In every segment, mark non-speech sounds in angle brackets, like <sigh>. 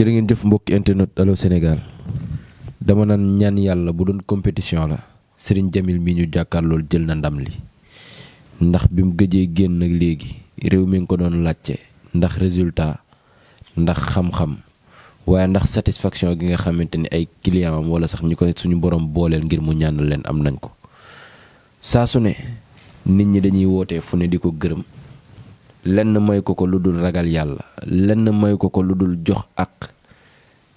jërë ngeen jëf mbokki internet Allô Sénégal dama naan ñaan yàlla bu doon compétition la Serigne Jamil mii ñu jàkkaarlool jël na ndam li ndax bi mu gëjee génn ak léegi réew mi nga ko doon laajte ndax résultat ndax xam-xam waaye ndax satisfaction gi nga xamante ni ay client am wala sax ñi ko suñu borom booleel ngir mu ñaanal leen am nañ ko saa su ne nit ñi dañuy wootee fu ne di ko gërëm. lenn may ko ko lu dul ragal yàlla lenn may ko ko lu dul jox ak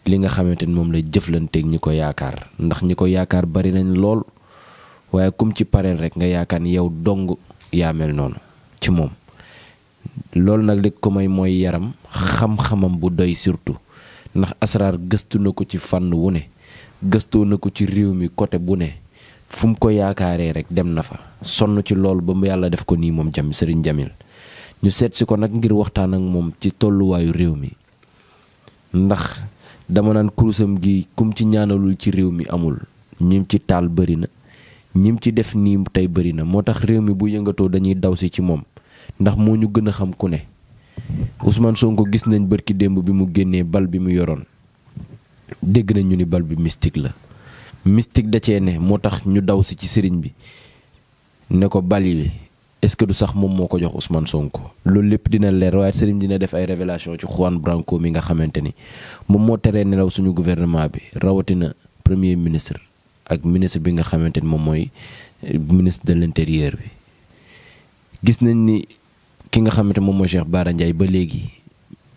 li nga xamante ni moom lay jëflanteeg ñi ko yaakaar ndax ñi ko yaakaar bari nañ lool waaye kum ci pareel rek nga yaakaar ni yow dong yaa mel noonu ci moom. loolu nag li ko may mooy yaram xam-xamam bu doy surtout ndax asraar gëstu na ko ci fànn wu ne gëstoo na ko ci réew mi côté bu ne fu mu ko yaakaaree rek dem na fa sonn ci lool ba mu yàlla def ko nii moom jam sëriñ Jamil ñu seetsi si ko nag ngir waxtaan ak moom ci tolluwaayu réew mi ndax dama naan kurusam gi kum ci ñaanalul ci réew mi amul ñim ci taal bëri na ñim ci def nii tey bëri na moo tax réew mi bu yëngatoo dañuy daw si ci moom ndax moo ñu gën a xam ku ne Ousmane Sonko gis nañ bërki démb bi mu génnee bal bi mu yoroon dégg nañ ñu ni bal bi mystique la mystique da cee ne moo tax ñu daw si ci sëriñ bi ne ko bali bi est-ce que du sax moom moo ko jox Ousmane Sonko loolu lépp dina leer waaye sëriñ dina def ay révélation ci Juan Branco mi nga xamante ni moom moo teree nelaw suñu gouvernement bi rawatina premier ministre ak ministre bi nga xamante ni moom mooy eh, ministre de l'intérieur bi gis nañ ni ki nga xamante moom mooy Cheikh Bara Ndiaye ba léegi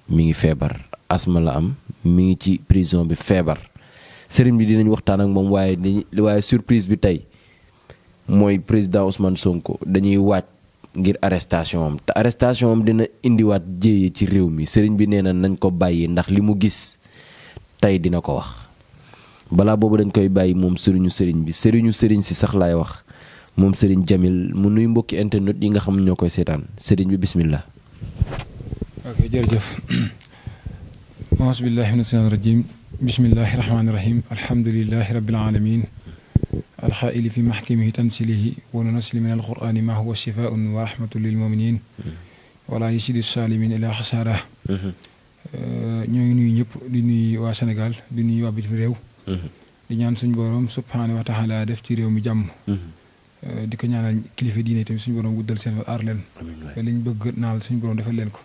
mi ngi feebar asma la am mi ngi ci prison bi feebar Serigne bi dinañ waxtaan ak moom waaye dañuy waaye surprise bi tey mooy président Ousmane Sonko dañuy waaj. ngir arrestation te arrestation am dina indiwaat jéeye ci réew mi sëriñ bi nee na nañ ko bàyyi ndax li mu gis tey dina ko wax balaa boobu dañ koy bàyyi moom sëriñu sëriñ bi sëriñu sëriñ si sax laay wax moom sëriñ Jamil mu nuy mbokki internet yi nga xam ñoo koy seetaan sëriñ bi bismillah ok jërëjëf aùzu billaahi alxaaili fi maxkimihi tansilihi wa nunassil min alqurani ma huwa shifaun wa rahmatun lilmuminin wala yasidu salimin ila xasaara ñoo ngi nuyu ñëpp di nuyu waa senegal di nuyu waa bitim réew di ñaan suñu borom subhaanahu wa taala def ci réew mi jàmm di ko ñaanal kilifa diine tamit suñu borom guddal seen aar leen liñ bëgg naal suñu borom defal leen ko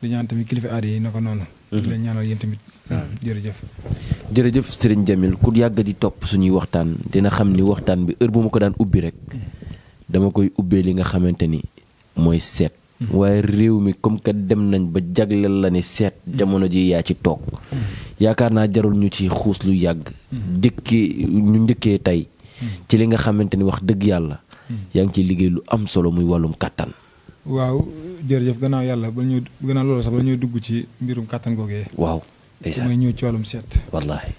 di ñaan tamit kilifa aada yi na ko noonu di leen mhm. ñaanal yéen tamit. Ah. jërëjëf. jërëjëf sëriñ Jamil ku yàgg di topp suñuy waxtaan dina xam ni waxtaan bi heure bu ma ko daan ubbi rek mhm. dama koy ubbee li nga xamante ni mooy seet. Mhm. waaye réew mi comme que dem nañ ba jagleel la ne seet jamono ji yaa ci toog yaakaar naa jarul ñu ci xuus lu yàgg njëkkee ñu njëkkee tey ci li nga xamante ni wax dëgg yàlla yaa ngi ciy liggéey lu am solo muy wàllum kàttan jër jërëjëf gannaaw yàlla ba ñu gannaaw loolu sax ba ñuy dugg ci mbirum kàttan googee. waaw ndeysaan damay ñëw ci wàllum seet. wallaahi.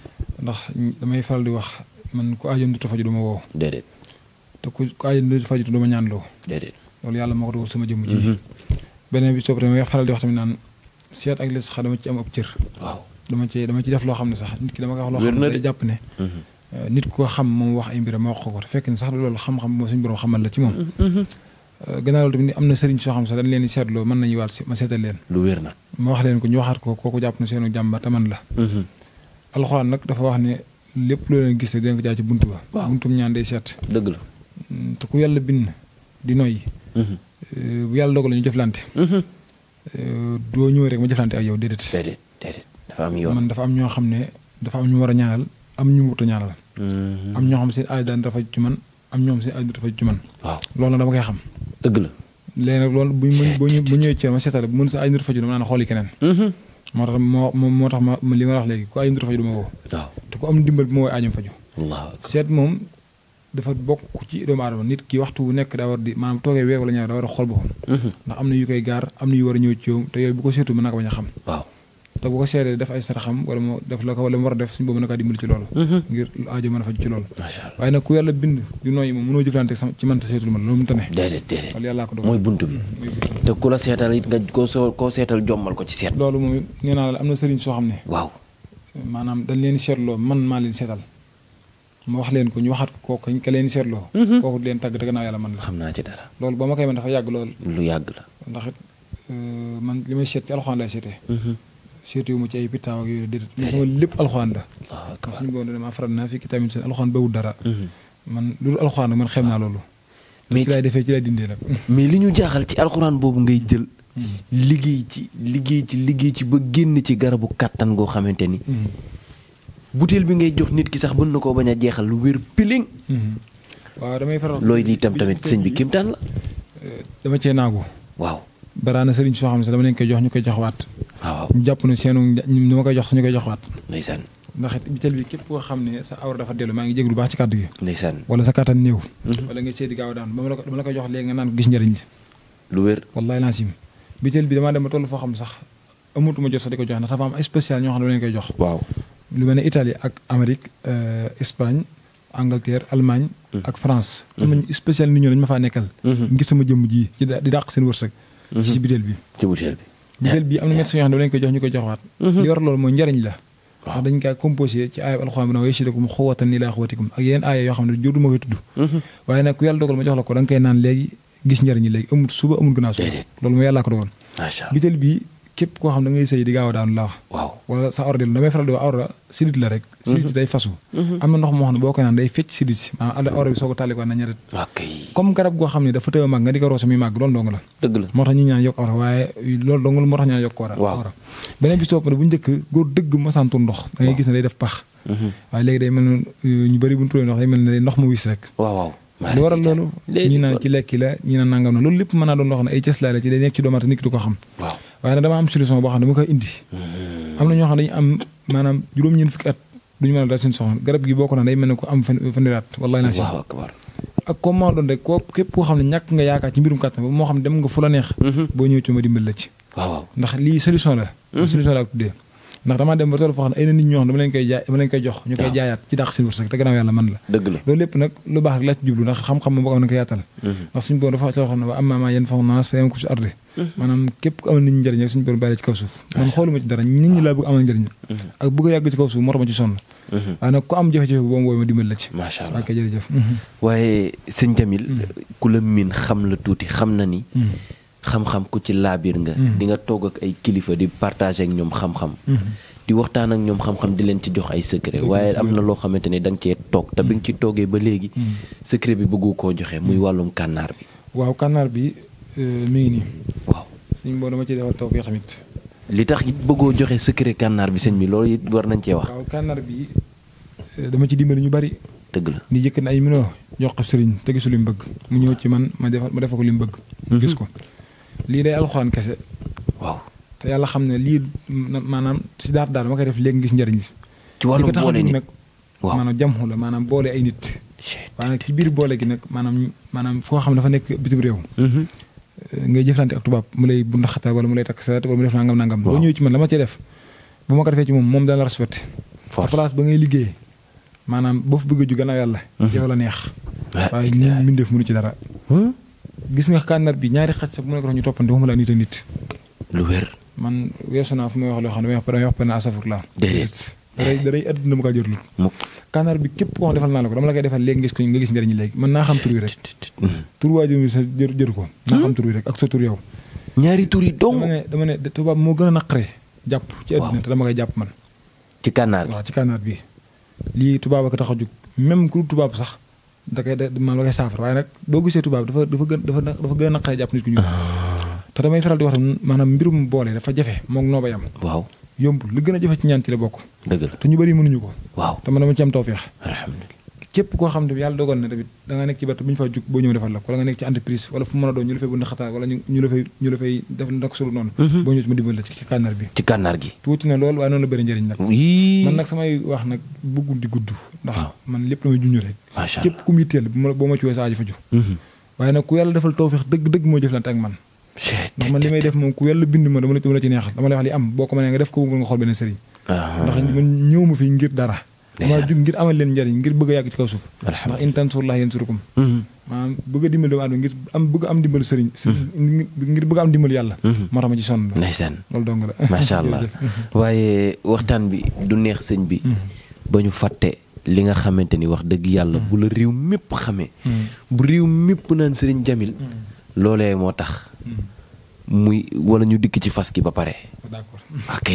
ndax damay faral di wax man ku aajam du faju du ma woo. déedéet. te ku ku aajam faju du ma ñaanloo. déedéet loolu yàlla moo ko dogal sama jëmm ji. Mm-hmm. beneen bi soo damay faral di wax tamit naan seet ak sax dama ci am ab cër. waaw dama ci dama ci def loo xam ne sax nit ki dama ko wax loo xam ne day jàpp ne. Mm-hmm. nit ko xam moom wax ay mbiram ma wax ko ko te fekk ni sax lool xam-xam moom suñu borom xamal la ci moom mm-hmm. Euh, gannaaw loolu tamit am na sëriñ soo xam sax dañ leen di seetloo mën nañu waat si ma seetal leen. lu ma wax leen ko na mm-hmm. dafa wax ne lépp loo leen gis ne dinañ ko jaay ba. waaw buntum ñaan day seet. dëgg la mm, te ku yàlla di noyyi. Mm-hmm. Euh, bu yàlla dogal la ñu jëflante. Mm-hmm. Euh, doo ñëw rek ma jëflante yow déedéet. déedéet déedéet dafa am yoon am ñoo xam ne dafa am ñu war a am ñu wut a ñaanal. am ñoo xam seen aay daan dafa ci man am ñoom seen aay dafa ci man. waaw loolu nag dama koy xam dëgg la. léegi nag loolu bu ñu bu ñu bu ñëwee ci ma seetal bu mën sa ay nit faju dama naan xooli keneen. Mhm. moo tax moo moo tax ma li ma wax léegi ku ay nit faju dama woo. waaw te ku am ndimbal bi ma woowee aajam faju. waaw seet moom dafa bokk ci doomu aadama nit ki waxtu wu nekk daa war di maanaam toogee weer wala ñaar daa war a xool boppam. Mhm. ndax am na yu koy gaar am na yu war a ñëw ci te yooyu bu ko seetu mën naa ko bañ a xam. te bu ko seedee def ay saraxam wala mu def la ko wala mu war a def suñu boobu naka dimbali ci loolu mhm. ngir aajo mën a faj ci loolu man loolu ko dogal mooy buntu bi te ku la seetal it nga koo so koo am na sëriñ soo xam ne waaw maanaam man ma wax leen ko ñu waxaat ko ka leen seetloo mhm. kooku di leen tàgg te gannaaw yàlla man la xam naa ci dara loolu ba ma lu yàgg la ndax it euh, man li may seet ci alxuraan lay seetee mhm. seetu mu ci ay pitaaw ak yooyu déedéet man sama lépp alxuraan la mhm. man suñu boobu dara man loolu alxuraan la man xem naa ah. loolu mais ci laay defee ci laay dindee nag <laughs> mais li ñu jaaxal ci alxuraan boobu ngay jël hmm. liggéey ci liggéey ci liggéey ci ba génn ci garabu kàttan goo xamante ni hmm. butéel bi ngay jox nit ki sax mën na koo bañ a jeexal lu wér piling hmm. waaw damay faral looy lii tam tamit sëñ bi kéemtaan la eh, dama cee naagu waaw baraana sëriñ soo xam ne sax dama leen koy jox ñu koy joxwaat waaw jàpp ne seenu ñu ma koy jox ñu koy joxwaat ndeysaan ndax biteel bi képp koo xam ne sa awra dafa dellu maa ngi jéglu baax ci kàddu gi ndeysaan wala sa kàttan néew mhm. wala nga seedi gaaw daan ba ma la ko dama la koy jox léegi nga naan ko gis bi damaa dem ba toll foo xam sax amutuma jot sax di ko jox ndax dafa am ay spécial ñoo xam ne leen koy jox waaw lu mel ne Italie ak Amérique euh, Espagne Angleterre Allemagne mhm. ak France mhm. am nañu spécial nit ñoo dañu ma faa nekkal ngi sama jëmm ji ci di dàq seen wërsëg ci biteel bi ci biteel bi jël bii am na médecin yoo xam mhm. war loolu mooy njariñ la ndax dañ composé ci aayab bi na way sidakum xuwatan ilaa xuwatikum ak yeneen aaya yoo xam ne jur ma koy tudd mhm. waaye nag ku yàlla dogal ma jox la ko da naan léegi gis njariñ léegi amut suba amut gannaaw suba loolu mooy yàllaa ko dogal bitel bii képp koo xam ne ngay sëy di gaaw a daanu laax waaw wala sa ordil damay faral di wax awra sidit la rek mhm. sidit day fasu mhm. am na ndox moo xam ne ko tàllikoo goo xam ne dafa tëw a màgg nga di ko roose muy màgg loolu dong la da ngay gis ne day def pax mhm. waaye léegi day mel euh, ñu bëri bu ñu turee ndox day mel ne day ndox mu wis rek waaw li waral loolu ñi naan ci lekki la ñi naan nangam na loolu lépp mën naa doon loo xam ne ay cëslaay la ci day nekk ci doomaate nit ko xam waaye nag dama am solution boo xam ne dama koy indi. Mm-hmm. am na ñoo xam ne am maanaam juróom-ñeent fukki at duñu mën a daal seen soxna garab gi boo ko naan day mel ne ko am fan faniraat naa si ak comme maa doon rek koo képp xam ne ñàkk nga yaakaar ci mbirum kàttan moo xam ne dem nga fu la neex mm-hmm. boo ñëw ci ma dimbal ndax lii solution la mm-hmm. solution la ak tuddee ndax damaa dem ba toll foo xam na nit ñoo xam dama leen koy jaay dama leen koy jox ñu koy jaayaat ci dàq seen wërsëg te gannaaw yàlla man mhm. mhm. mhm. a yàgg ci kaw suuf moo ma ci sonn waaye nag ma wooy ma dimbal la ci macha allah jërëjëf waaye sëñ Jamil la miin xam la tuuti xam na ni xam-xam ku ci laabiir nga. Mm-hmm. di nga toog ak ay kilifa di partager ñoom xam-xam. Mm-hmm. di waxtaan ak ñoom xam-xam di leen ci jox ay secret waaye am na loo xamante ne da cee toog te bi nga ci mm-hmm. toogee ba léegi. secret bi bëggu koo joxe muy wàllum kànnaar bi. waaw kànnaar bi euh, mi ngi nii. waaw suñu mbooloo ma ci defal taw fii xamit li tax bëggoo joxe secret kànnaar bi sëñ bi loolu it war nañ cee wax. waaw bi euh, dama ci dimbali ñu bari. dëgg la ni yëkk na ay minoo jox ko sëriñ te gisul li mu bëgg mu ñëw ci man ma defal ma defal ko li mu bëgg. gis ko. lii day alxuraan kese waaw te yàlla xam ne lii maanaam si daar daa ma koy def léegi gis njëriñ li ci wàllu boole nit nag maanaam jamxu la maanaam boole ay nit waaye nag ci biir boole gi nag maanaam maanaam foo xam ne dafa nekk bitim réew mm-hmm. eh, ngay jëflante ak tubaab mu lay bunda xataa wala mu lay takk saret wala mu def nangam nangam boo ñëwee ci man def bu ma ko defee moom moom dana la respecté a ba ngay liggéey maanaam boo bëgg a ju gannaaw yàlla mm-hmm. la neex waaye ñun mbindeef mënu ci dara gis nga kànnaar bi ñaari xaj sax mu ne ko man weesu naa fu may wax xam ne damay wax benn asafur laa. déedéet daray eh. bi képp defal naa la ko dama la koy defal léegi nga ko nga gis njëriñ léegi man naa xam tur wi rek. Mm. ko. naa xam tur wi sa tur yow. ñaari tur yi dong. dama ne dama ne tubaab moo gën a naqare. jàpp ci adduna te dama koy jàpp man. ci kànnaar bi waaw ci kànnaar bi. lii tubaab ak tax a jug même ku tubaab sax da koy da maanaam da koy saafara waaye nag boo gisee tubaab dafa dafa gën dafa dafa gën a naqaree jàpp nit ku ñuul. Ah. te damay faral di wax tam maanaam mbirum boolee dafa jafe moom noo am yam. waaw yombul li gën a jefe ci ñaan ci la bokk. dëgg te ñu bëri mënuñu ko. waaw te man dama ci am tawféex. alhamdulilah cépp koo xam ne yàlla dogal na tamit da nekk ci bett bu fa jug boo ñëw defal la ko wala nga nekk ci entreprise wala fu mën a doon mm-hmm. na lool waaye noonu man lépp la may junj rek macha allah ma ci wee sa aajo fa ju mm-hmm. waaye nag ku yàlla defal tawfeex dëgg dëgg moo jëflante bind ma la ci neexal dama lay wax li am ñëw ma fi ngir dara maa jug ngir leen njariñ ngir bëgg yàgg ci kaw suuf ndax in tansurullaah yansurkum mm-hmm. a dimbal doomu aadama ngir am mm-hmm. ngir bëgg am dimbal yàlla mm-hmm. moo tax ma ci sonn ndeysaan loolu dong la <laughs> allah waaye waxtaan bi du neex sëñ bi ba ñu fàtte li nga xamante ni wax dëgg yàlla bu la réew mépp xamee bu réew mépp naan sëriñ Jamil loolee moo tax muy wala ñu dikk ci fas gi ba pare. d'accord ok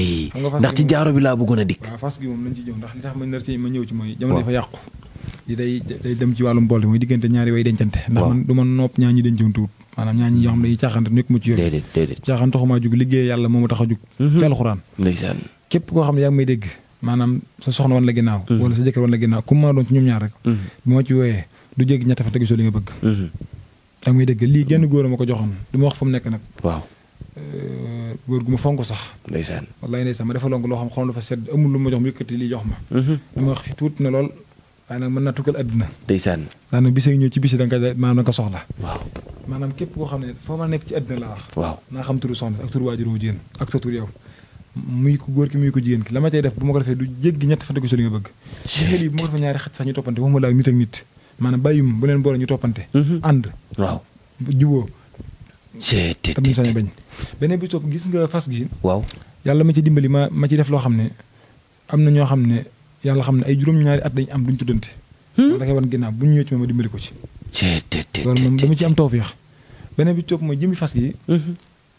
<laughs> ndax ci jaaro bi laa bëggoon a dikk. waaw fas gi moom lañ ci ñëw ndax li tax ma nar ma ñëw ci mooy. jamono dafa yàqu. li day dem ci wàllum boole mooy moo tax a jug. Mhm. ci alxuraan. képp koo xam ne yaa may dégg. maanaam sa soxna wan la ginnaaw. Mhm. wala sa jëkkër wan la ginnaaw ku ma ci ñoom ñaar rek. Mhm. bu ci wooyee du jéggi ñett fa tegu so li nga bëgg yaa ngi may dégg lii genn góor ko joxoon du ma wax fu mu nekk euh, ma fonk sax. ndeysaan wallaay ndeysaan ma defaloon ko loo xam xaw dafa sedd jox mu yëkkati lii jox ma. dama mhm. wax tuuti na lool. waaye nag mën naa tukkal àddina. ndeysaan daanaka bis ñëw ci bis da nga koy maanaam ko soxla. koo xam ne nekk ci àddina laa wax. waaw naa xam turu soxna ak turu waajur jigéen ak sa tur yow. muy góor ki muy ko jigéen ki la ma cay def bu ma ko defee du jéggi ñett fan ko si li nga bëgg. bu ma defee ñaari xat sax ñu toppante waxuma laa nit ak nit maanaam bàyyum bu leen boole ñu toppante. Mhm. ànd. waaw juboo. te te te sañ bañ. beneen bi topp gis nga fas gi. waaw yàlla ma ci dimbali ma ma ci def loo xam ne am na ñoo xam ne yàlla xam ne ay juróom-ñaari at dañ am duñ tuddante. Hmm? loolu da koy wan ginnaaw bu ñu ñëwee ci ma ma dimbali ko ci. te te te te loolu moom dama ci am tawfeex beneen bi topp mooy jëmmi fas gi. Mhm.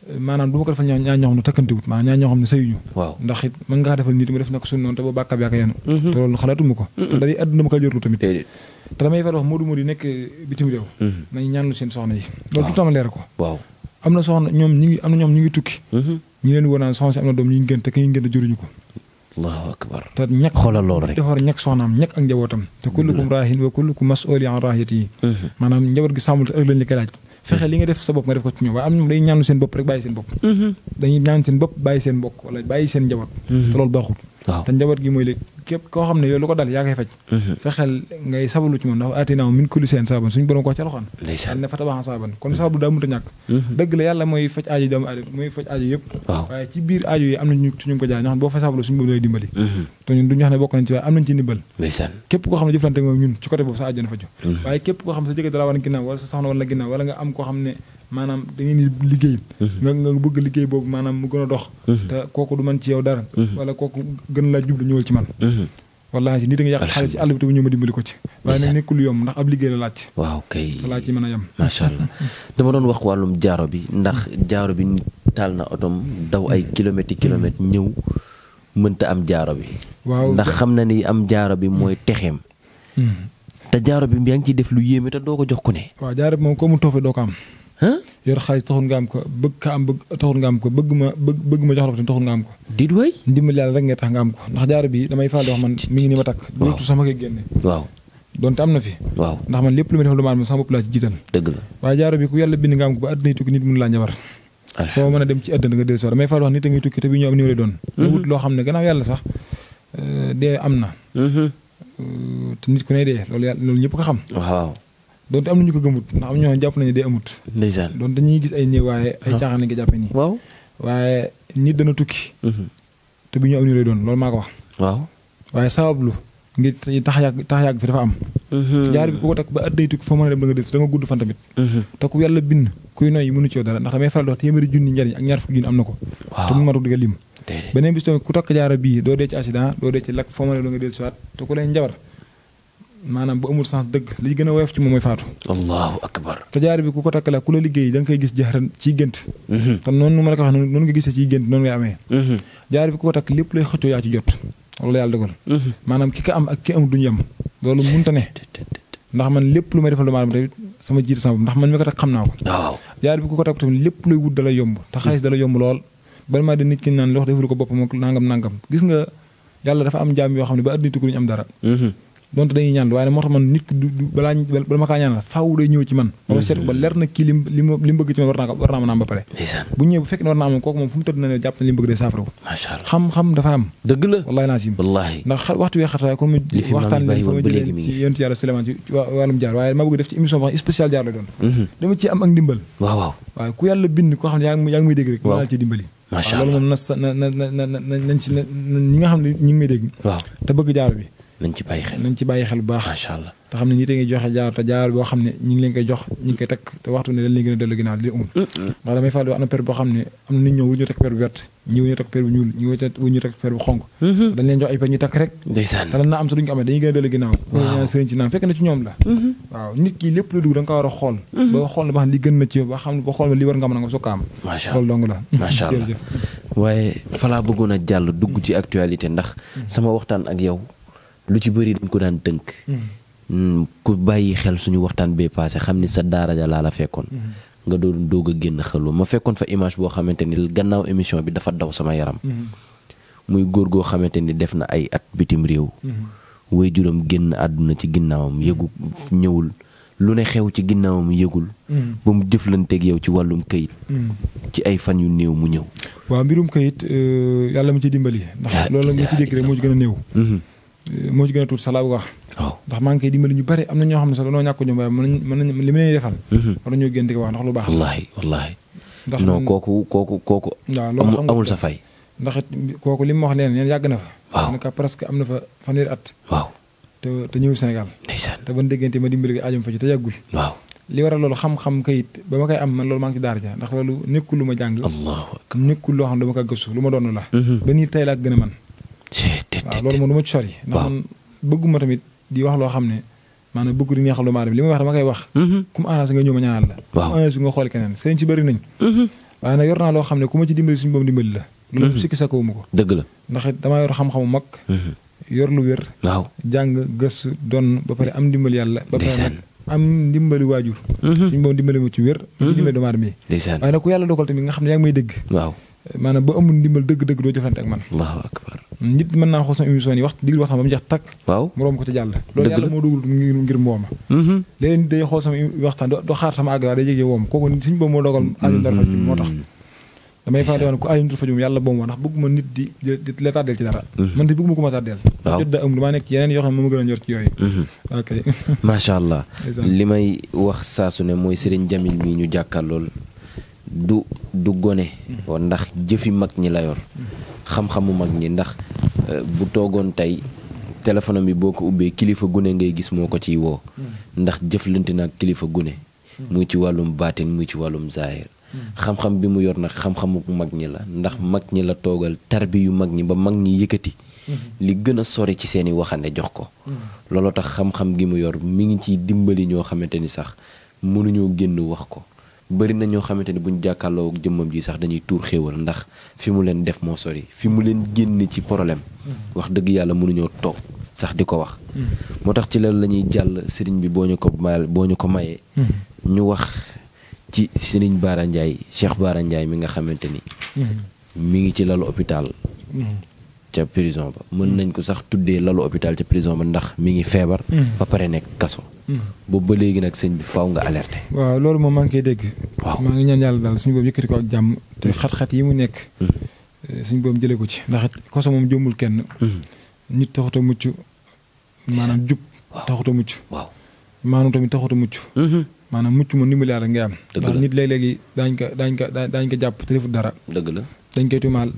maanaam du ma ko defal ñaar ñoo xam ne takkantiwut maanaam ñaar ñoo ne sayuñu ndax it mën defal nit mu def nekk suñu noonu te boo bàkkaab yaaka ko te day ma ko jërlu tamit te damay faral wax moodu moodu yi nekk mm-hmm. ko waaw am na soxna ñoom ñi ngi am na mm-hmm. ñu leen wonaan soxna si na doom ñi ngi a juruñu ko allahu akbar te ñàkk xoolal loolu rek defar ñàkk soxnaam ak njabootam te kullukum raahin wa kullukum mas'ulun an raahiyatihi mm-hmm. maanaam njaboot gi sàmmul te ëllëg lañ laaj fexe li nga def sa bopp nga def ko ci ñoom waaye am ñoom day ñaanu bopp rek bàyyi seen bopp mhm. dañuy ñaanu seen bopp bàyyi seen mbokk wala bàyyi seen njaboot mhm. te loolu baaxul waaw te njaboot gi mooy léegi képp koo xam ne yow lu ko dal yaa koy faj fexeel mhm. ngay sabalu ci moom ndax mhm. la yàlla mooy faj waaye mhm. te ñun du ñu koo xam ne jëflante moom ñun ci côté boobu sa àjjana faju waaye képp koo xam ne sa jëkkër dala war ginnaaw wala sa soxna war la ginnaaw wala nga am koo xam ne maanaam da ngeen liggéey mhm. nga nga bëgg liggéey boobu maanaam mu gën a dox mhm. te kooku du man ci yow dara mhm. wala kooku gën laa jublu ñëwal ci man wallaahi nit da xaalis ci àll bi te bu ñëw ma dimbali ko ci waaye nag nekkul yomb ndax ab liggéey la laaj waaw kay laaj ci a yem macha allah <laughs> dama doon wax wàllum jaaro bi ndax jaaro bi nit taal na otom daw ay kilomètres kilomètres ñëw mënta am jaaro bi waaw ndax xam na ni am jaaro bi mooy mm. texeem mm. te jaaro bi yaa ngi ciy def lu yéeme te doo ko jox ku ne waaw jaaro bi moom ko mu toofe doo ko am yor xaalis taxul nga ko bëgg ka am bëgg taxul nga am ko bëgg ma bëgg ma jox la ko taxul nga am ko. di waay ndimbal yàlla rek nga tax nga am ko ndax jaaro bi damay faral di wax man mi ngi ni ma takk. waaw dootul sama am na fi. waaw ndax man lépp lu may sama bopp laa ci la waaye jaaro bi ku yàlla bind nga am nit mënu laa ñabar. soo mën a dem ci àddina nga dellu si damay faral wax nit a ngi tukki te bi ñu am néew doon. lu mhm. wut loo xam ne gannaaw yàlla sax euh, dee am na. Mhm. Euh, te nit ku ne dee loolu yàlla loolu ñëpp ko xam. waaw donte am na ñu ko gëmut ndax am ñoo jàpp nañu day amut. ndeysaan donc dañuy gis ay néew waaye ay ah. caaxaan nga jàppe nii. waaw waaye nit dana tukki. Mhm. te bi ñu am ni lay doon loolu maa wax. waaw waaye sabablu ngir tax yàgg mhm. bi ku ko takk ba at a dem da nga des da nga gudd fan tamit. Mhm. te ku yàlla bind kuy noyyi mënu ci dara ndax damay faral di wax téeméeri junni njariñ ak ñaar fukki junni am na ko. waaw te ku takk jaara bii doo dee ci accident doo dee ci lakk foo mën a maanaam bu amul sens dëgg li gën a woyof ci moom mooy faatu. allahu akbar. te jaar bi ku ko takkale ku la liggéey da nga koy gis jaaran ciy gént. kon mhm. noonu ma la ko waxee noonu nga gisee ciy gént noonu ngay amee. Mhm. jaar bi ku ko takk mhm. maanaam ki am ak ki am duñ man lépp lu may defal lu ma sama jiir sama ndax man mi ko takk xam naa ko. waaw jaar bi ko takk tamit lépp luy wut dala yomb. te xaalis dala yomb lool. bari maa di ki naan lox deful ko boppam ak nangam nangam gis nga yàlla dafa am jaam yoo xam ne ba addina tukku ñu am dara donte dañuy ñaan waaye moo tax man nit ku du balaa bala ma kaa ñaanal faaw day ñëw ci man ba seet ba leer na kii li li ci man war naa ko a am ba pare bu ñëwee bu fekkee ne war naa am kooku moom tëdd na ne na li mu la wallahi lazim wallahi ndax waxtu def ci émission boo xam spécial jaar lay doon dama ci am ak ndimbal waaw waaw ku yàlla bind koo xam ne yaa ngi muy rek ma ci dimbali na na xam ne may dégg te bëgg jaar bi nañ ci bàyyi xel nañ ci bàyyi bu baax macha allah te xam ne ñi te ngi joxe jaar te jaar boo xam ne ñi leen koy jox ñi koy teg te waxtu ne dañ leen gën a dellu ginnaaw um ndax ñi ñu takk rek te lan naa am sa duñ ko amee dañuy a dellu ginnaaw ñaan sëriñ ci naam fekk na ci ñoom la mm-hmm. lépp lu dugg da nga a xool mm-hmm. ba xool na ba xam li xam ba xool li war nga mën a nga sokka am xool dong la <laughs> macha allah waaye falaa bëggoon a jàll dugg ci actualité ndax mm-hmm. sama waxtaan ak yow lu ci bëri dañ ko daan tënk. Hmm. Hmm, ku bàyyi xel suñu waxtaan bee paase xam ni sa daara ja laa la fekkoon. Hmm. nga doon doog a génn xeloo ma fekkoon fa image boo xamante ni gannaaw émission bi dafa daw sama yaram. muy góor goo xamante ni def na ay at bitim réew. way juróom génn àdduna ci ginnaawam yëgu ñëwul lu ne xew ci ginnaawam yëgul. ba mu jëflanteeg yow ci wàllum kayit. ci ay fan yu néew mu ñëw. waaw mbirum kayit euh, yàlla mu ci dimbali. ndax ah, loolu nga ci dégg rek moo ci gën néew. moo ci gën a tuuti sax laa bëgg wax ndax maa ngi dimbali ñu bari am na ñoo xam ne sax danoo ñàkko jom waaye mën nañ li ma leen defal mhm. war nañoo génn di ko wax ndax lu baax wallaahi wallaahi ndax kooku kooku kooku waaw loolu sa fay ndax kooku li mu wax leen neen yàgg na fa waaw am na fa fanweeri at waaw te te ñëw Sénégal ndeysaan te ban déggante ma dimbali ko xam-xam kayit ba ma koy am man loolu maa ngi ci daara ja ndax loolu nekkul lu loo xam ma doon la mhm. ba nii tey laa gën a man waaw loolu moom du ma ci sori. waaw ndax man bëgguma tamit di wax loo xam ne maanaam bëgg di neexal lu ma li may wax dama koy wax. Mhm. ku mu arrangé nga ñëw ma ñaanal la. waaw arrangé nga xool keneen sëriñ ci bëri nañ. Mhm. waaye loo xam ne ku ma ci dimbali suñu la. loolu mhm. sikki sakkawuma ko. dëgg la ndax damaa yor xam-xamu mag. lu wér. waaw jàng gëstu doon ba pare am ndimbal yàlla. ba pare nag am ndimbali waajur. suñu boom dimbali ma ci wér. ma ci dimbali doomu aadama yi. waaye nag ku yàlla dogal tamit nga xam ne yaa may dégg. maanaam ba amul ndimbal dëgg-dëgg doo jëflante ak man allahu akbar nit mën naa xool sama émission yi wax diglu waxtaan ba mu jeex takk waaw mu romb ko ci jàll loolu yàlla moo dugal ngir ngir mbooma mm-hmm. léegi nit day xool sama waxtaan do xaar sama àgg laa day jégee woom mm-hmm. moo tax damay faral di wax ne ko aajum dara faju yàlla boobu moo tax bëgguma nit di la tàddeel ci dara mm-hmm. man te bëgguma ko ma tàddeel jot daa amul damaa nekk yeneen yoo xam ne gën a ñor ci yooyu <laughs> li may wax saa su ne mooy sëriñ Jamil mii ñu jàkkaar lool du du gone. Mm-hmm. ndax jëfi mag ñi la yor. Mm-hmm. xam-xamu mag ñi ndax euh, bu toogoon tey téléphone bi boo ko ubbee kilifa gune ngay gis moo ko ci woo. Mm-hmm. ndax jëflante na kilifa gune. muy ci wàllum baatin muy ci wàllum zaahir. xam-xam bi mu yor nag xam-xamu mag ñi la ndax mag ñi la toogal tarbi yu mag ñi ba mag ñi yëkkati. li gën a sori ci seeni waxande jox ko. looloo tax xam-xam gi mu yor mi ngi ci dimbali ñoo xamante ni sax mënuñoo génn wax ko. bari na ñoo xamante ni buñ jàkkaarloo ak jëmmam ji sax dañuy tuur xéewal ndax fi mu leen def moo sori fi mu leen génn ci problème mm. wax dëgg yàlla mënuñoo toog sax di ko wax mm. moo tax ci loolu lañuy jàll sëriñ bi boo ñu ko mayee boo ñu ko mayee mm. ñu wax ci sëriñ Bara Ndiaye Cheikh Bara Ndiaye mi nga xamante ni mi ngi ci lalu hôpital ca prison ba mën nañ ko sax tuddee lalu hôpital ca prison ba ndax mi ngi feebar hmm. ba pare nekk kaso hmm. boobu ba léegi nag sañ bi nga alerté waaw loolu moom maa ngi koy dégg waaw maa ngi ñaan yàlla daal suñu boobu yëkkati ko ak jàmm te hmm. xat-xat yi mu nekk eh, suñu boobu jëlee ko ci ndax kaso moom jombul kenn nit taxut a mucc maanaam jub taxut mucc waaw maanaam tamit taxut a mucc maanaam mucc moom ndimbal yàlla ngay am ndax nit léeg-léegi daañ ko daañ ko daañ ko jàpp te defut dara dëgg la tumaal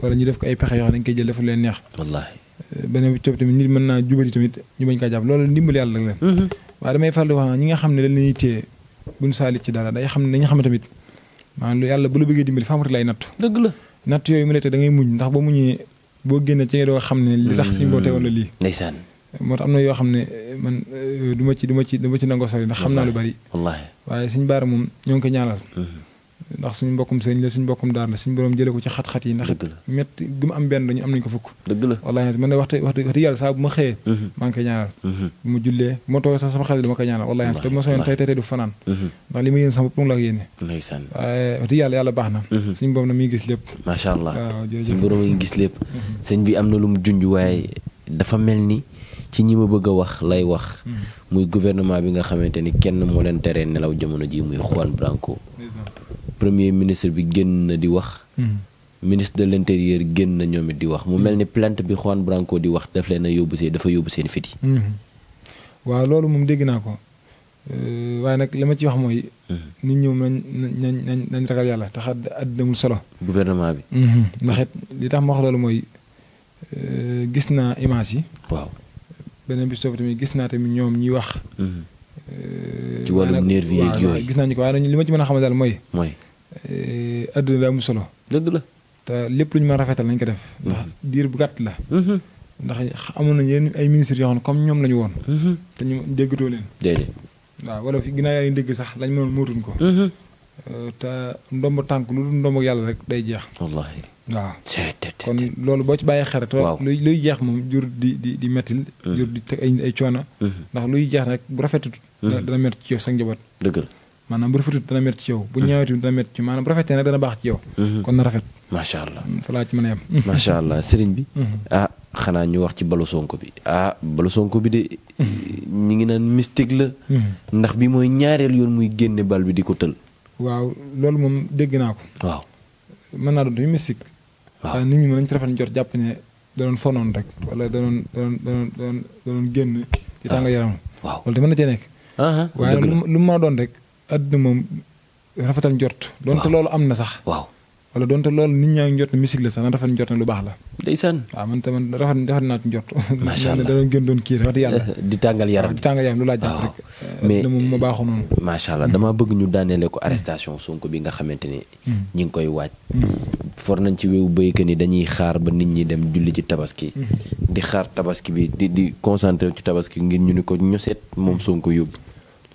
wala ñu def ko ay pexe yoo xam dañ koy jël dafa leen neex wallaahi eh, beneen coob tamit nit naa jubali tamit ñu bañ kaa jàpp loolu ndimbal yàlla la leen mm-hmm. waaye damay faral di wax nga xam ne dañ lañuy téye buñ saalit ci dara day xam ne dañu xam ne tamit maanaam lu yàlla bu la bëggee dimbali lay nattu dëgg la natt yooyu mu la ngay muñ ndax boo muñee boo génne ci nga doo xam ne li tax suñu bootee wala lii ndeysaan moo tax am na yoo xam ne eh, man eh, du ma ci du ma ci du ma ci nangoo sori ndax xam naa lu bari wallaahi waaye suñ baara moom ñoo ngi ko ñaanal mm-hmm. ndax suñu mbokkum sëñ la suñu mbokkum daar suñ suñu borom jëlee ko ci xat-xat yi ndax métti gi mu am benn dañu am nañ ko fukk dëgg la wallaahi man de waxtu waxtu waxtu yàlla saa bu ma xëyee mhm. maa ngi koy ñaanal mhm. bu ma jullee bu ma toogee sax sama du fanaan mhm. ndax li ma yéen sama bopp moom laa ko yéene waaye waxtu yàlla yàlla baax na suñ borom na muy gis lépp macha allah waaw suñu borom ngi gis bi am na lu mu junj waaye dafa mel ni ci ñi ma bëgg wax lay wax. muy gouvernement bi nga xamante ni kenn moo leen teree nelaw jamono ji muy Juan Branco. premier ministre bi génn na di wax. Hmm. ministre de l' intérieur génn na ñoom it di wax mu hmm. mel ni plainte bi Juan Branco di wax daf leen a yóbbu see dafa yóbbu seen fit yi. Hmm. waaw loolu moom dégg naa ko euh, waaye nag li ma ci wax mooy. nit ñi moom nañ yàlla tax àddina solo. gouvernement bi. li tax ma wax mooy euh, gis naa image yi. waaw beneen bi soobu tamit gis naa tamit ñoom ñuy wax. Euh, ci wàllum nervis yooyu gis naa ñu ko waaye li ma ci mën a xamal daal mooy. mooy àddina eh, daa am solo. dëgg la te lépp lu ñu mën rafetal nañ ko def. Mhm. ndax diir bu gàtt la. Mhm. ndax amoon nañ yenn ay ministre yoo comme ñoom lañu woon. Mhm. te ñu déggatoo leen. déedéet waaw wala fi ginnaaw yaa ngi dégg sax lañ mënoon mootuñ ko. Euh, te ndomb tànk lu dul ndomb yàlla rek day jeex. wallaahi waaw. kon loolu boo ci bàyyi xel te luy luy jeex moom jur di di di mettil jur di teg ay ay ndax luy jeex rek bu rafetut. dana métti ci sa njaboot. dëgg maanaam bu rafetut dana métti ci yow bu ñaawee tamit dana métti ci maanaam bu rafetee nag dana baax ci yow mhm. kon na rafet macha allah mm, fa laa ci mën a <laughs> allah sëriñ bi mhm. ah xanaa ñu wax ci balu sonko bi ah balu sonko bi de mhm. ñi ngi naan mistik la ndax bi mooy ñaareel yoon muy génne bal bi di ko tël waaw loolu moom dégg naa ko waaw mën naa doon tamit mystique waaw ah, nit ci rafet jot jàpp ne da doon fonoon rek wala da génn ci ah. tàng yaram waaw loolu de mën na cee nekk ah, waaye lu ma doon rek na moom rafetal njort. waaw loolu am na sax. waaw wala donte loolu nit ñaa ngi njort misik la sax na rafet njort ne lu baax la. ndeysaan waaw man tamit rafet rafet naa ci njort. <laughs> macha allah da doon kii rek yàlla. Eh, di tàngal yaram di tàngal yaram laa jàpp eh, mais moom ma eh, macha allah damaa bëgg ñu daaneele ko arrestation hmm. Sonko bi nga xamante ni hmm. ñi ngi koy waaj. Hmm. for nañ ci wewu béykat ni dañuy xaar ba nit ñi dem julli ci tabaski. di xaar tabaski bi di di concentré ci tabaski ngir ñu ni ko ñoseet moom Sonko yóbbu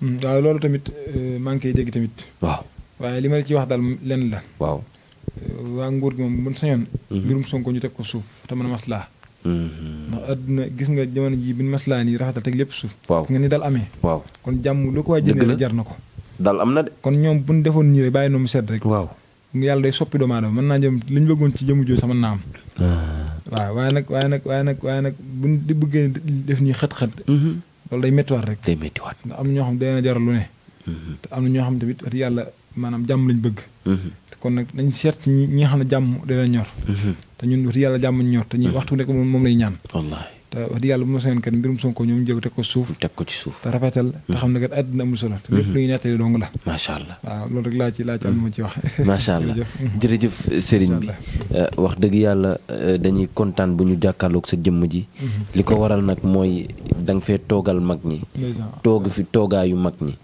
Mm, waaw loolu tamit euh, maa ngi koy dégg tamit. waaw waaye li ma la ci wax daal lenn la. waaw euh, waa nguur gi moom buñ sañoon. Mhm. mbirum Sonko ñu teg ko suuf te man maslaa. Mhm. ndax àdduna gis nga jamono ji bin maslaa nii rafetal teg lépp suuf. waaw nga ni daal amee. waaw kon jàmm lu ko waa jëndee jar na ko. daal am na de. kon ñoom bu ñu defoon nii bàyyi na mu sedd rek. waaw yàlla day soppi doomu aadama mën naa jëm li ñu bëggoon ci jëmu jooju sama naam. Ah. waaw waaye nag waaye nag waaye nag waaye loolu day méttiwaat rek. day méttiwaat ndax am na ñoo xam day na jaral lu ne. Mm-hmm. te am na ñoo xam tamit wax yàlla maanaam jàmm lañ bëgg. Mm-hmm. kon nag nañ seet ci ñi nga xam ne jàmm dina ñor. Mm-hmm. te ñun wax yàlla jàmm ñor te ñi waxtu nekk moom moom lay ñaan. te wax dëgg yàlla bu ma soxeen kat mbirum Sonko ko suuf teg ko ci suuf te rafetal mm-hmm. xam ne kat àddina amul solo te lépp mm-hmm. lu ñu nettali dong la macha allah laa ci laa ci am ma ci wax mm-hmm. macha allah <laughs> jërëjëf sëriñ <laughs> bi euh, wax dëgg yàlla euh, dañuy kontaan bu ñu jàkkaarloog sa jëmm ji li ko waral nag mooy da nga fee toogal mag ñi toog fi toogaayu mag ñi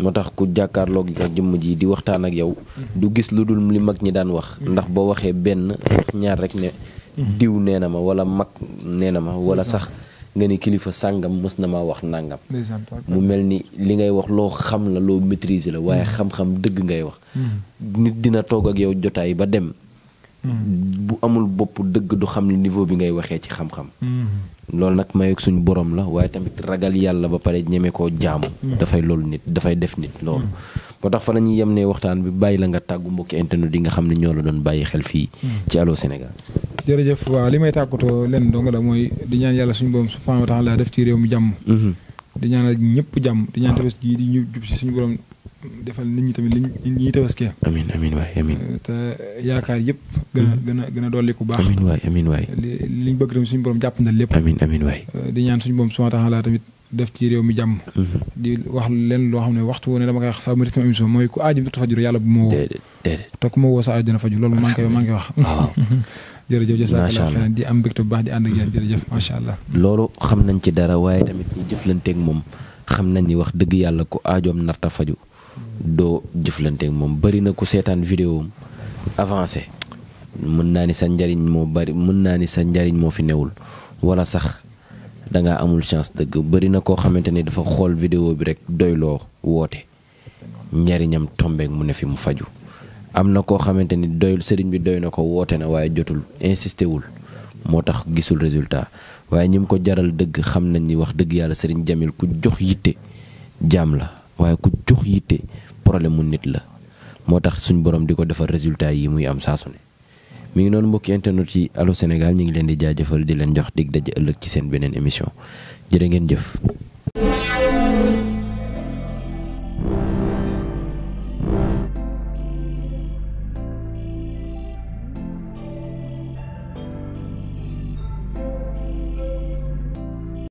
moo tax ku jàkkaarloog ak jëmm ji di waxtaan ak yow du gis lu dul li mag ñi daan wax ndax boo waxee benn wax ñaar rek ne Mm-hmm. diw nee na ma wala mag nee na ma wala sax nga ne kilifa sàngam mës na maa wax nàngam mu mel ni li ngay wax loo xam la loo maîtriser la waaye mm-hmm. xam-xam dëgg ngay wax mm-hmm. nit dina toog ak yow jotaay ba dem bu amul bopp dëgg du xam ne niveau bi ngay waxee ci xam-xam loolu nag mayeeg suñu borom la waaye tamit ragal yàlla ba pare ñeme koo jaamu dafay loolu nit dafay def nit loolu moo tax fa la ñuy yem ne waxtaan bi bàyyi la nga tàggu mbokki internet yi nga xam ne ñoo la doon bàyyi xel fii ci Allô Sénégal jërëjëf waaw li may tàggatoo lenn dong la mooy di ñaan yàlla suñu borom subhanahu wa taala def ci réew mi jàmm mm-hmm. di ñëpp jàmm di ñaan di ñu jub si suñu borom defal nit ñi tamit li ñuy tabaskee. amiin amiin waay amiin. Euh, te yaakaar yëpp. gën a mm-hmm. gën a gën a dolli ku baax. amiin waay amiin waay. li liñ bëgg tamit suñu borom jàpp na lépp. amiin amiin waay. Euh, di ñaan suñu borom subhaanahu wa taala tamit. def ci réew mi jàmm. di wax leen loo xam ne waxtu wu ne dama koy wax saa ma rythme émission mooy ku aaju bi dafa fajur yàlla bu ma woo. déedéet déedéet te ku maa ngi koy maa ngi koy wax. <laughs> di am mbégte bu baax di ànd ak yéen jërëjëf macha allah. loolu xam nañ ci dara waaye tamit ñu moom xam nañ ni wax dëgg yàlla ku aajoom narta faju doo jëflanteek moom bari na ku seetaan vidéo avancé mën naa ni sa njariñ moo bari mën naa ni sa njariñ moo fi newul wala sax da ngaa amul chance dëgg bëri na koo xamante ni dafa xool vidéo bi rek doyloo woote njariñam tombeek mu ne fi mu faju am na koo xamante ni doyul sëriñ bi doy na ko woote na waaye jotul insisté wul moo tax gisul résultat waaye ñi mu ko jaral dëgg xam nañ ni wax dëgg yàlla sëriñ Jamil ku jox yitte jaam la waaye ku jox yitte problème mu nit la moo tax suñu borom di ko defar résultat yi muy am saa ne mu ngi noonu mbokki internet yi Allô Sénégal ñi ngi leen di jaajëfal di leen jox dig daje ëllëg ci seen beneen émission jërë ngeen jëf.